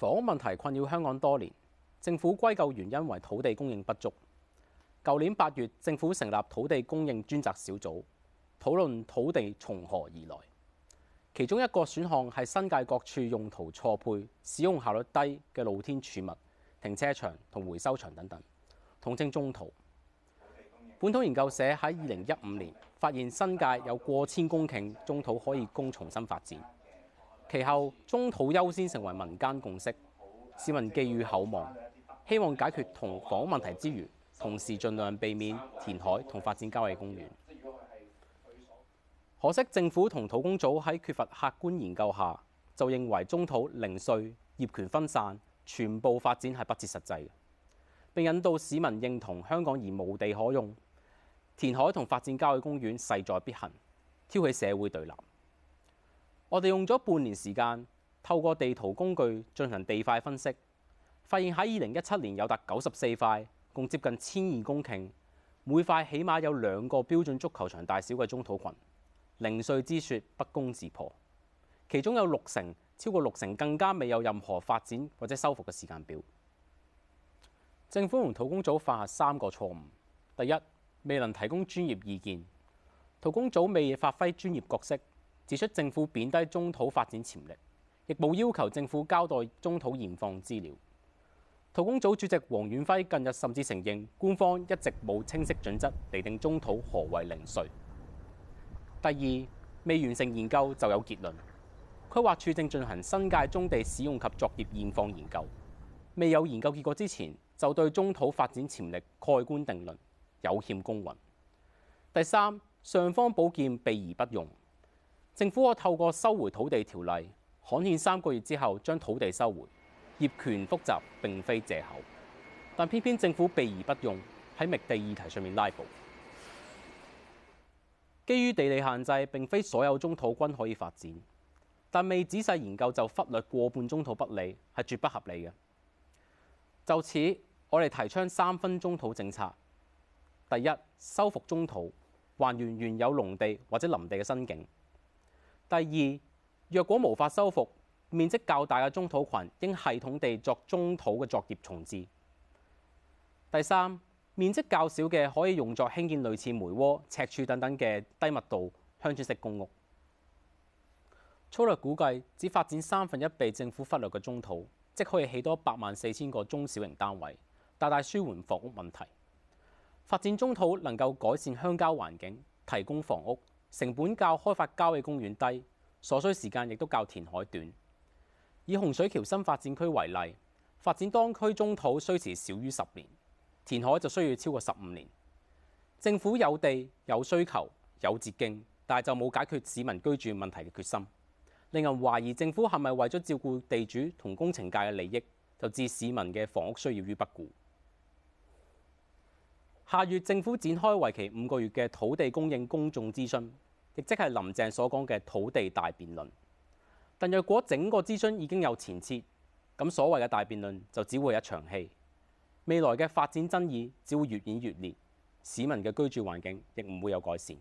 房屋問題困擾香港多年，政府歸咎原因為土地供應不足。舊年八月，政府成立土地供應專責小組，討論土地從何而來。其中一個選項係新界各處用途錯配、使用效率低嘅露天儲物、停車場同回收場等等，統稱棕地。本土研究社喺二零一五年發現新界有過千公頃棕地可以供重新發展。其後，棕土優先成為民間共識，市民寄予厚望，希望解決同房問題之餘，同時盡量避免填海同發展郊野公園。可惜政府同土供組喺缺乏客觀研究下，就認為棕土零碎業權分散，全部發展係不切實際嘅，並引導市民認同香港已無地可用，填海同發展郊野公園勢在必行，挑起社會對立。我哋用咗半年時間，透過地圖工具進行地塊分析，發現喺二零一七年有達九十四塊，共接近千二公頃，每塊起碼有兩個標準足球場大小嘅棕土群。零碎之説不攻自破，其中有六成超過六成更加未有任何發展或者修復嘅時間表。政府同土供組犯下三個錯誤：第一，未能提供專業意見；土供組未發揮專業角色。指出政府貶低棕地發展潛力，亦冇要求政府交代棕地現況資料。土供組主席黃遠輝近日甚至承認官方一直冇清晰準則嚟定棕地何為零碎。第二，未完成研究就有結論，規劃處正進行新界棕地使用及作業現況研究，未有研究結果之前就對棕地發展潛力蓋棺定論，有欠公允。第三，尚方寶劍避而不用。政府可透過收回土地條例，刊憲三個月之後將土地收回。業權複雜並非藉口，但偏偏政府避而不用喺覓地議題上面拉布。基於地理限制，並非所有棕地均可以發展，但未仔細研究就忽略過半棕地不利係絕不合理嘅。就此，我哋提倡三分棕地政策。第一，修復棕地，還原原有農地或者林地嘅生境。第二，若果無法修復，面積較大嘅棕地群應系統地作棕地嘅作業重置。第三，面積較小嘅可以用作興建類似梅窩、赤柱等等嘅低密度鄉村式公屋。粗略估計，只發展三分一被政府忽略嘅棕地，即可以起多八萬四千個中小型單位，大大舒緩房屋問題。發展棕地能夠改善鄉郊環境，提供房屋。成本較開發郊野公園低，所需時間亦都較填海短。以洪水橋新發展區為例，發展當區棕土需時少於十年，填海就需要超過十五年。政府有地、有需求、有捷徑，但就冇解決市民居住問題嘅決心，令人懷疑政府係咪為咗照顧地主同工程界嘅利益，就置市民嘅房屋需要於不顧？下月政府展開為期五個月嘅土地供應公眾諮詢，亦即係林鄭所講嘅土地大辯論。但若果整個諮詢已經有前設，咁所謂嘅大辯論就只會一場戲，未來嘅發展爭議只會越演越烈，市民嘅居住環境亦唔會有改善。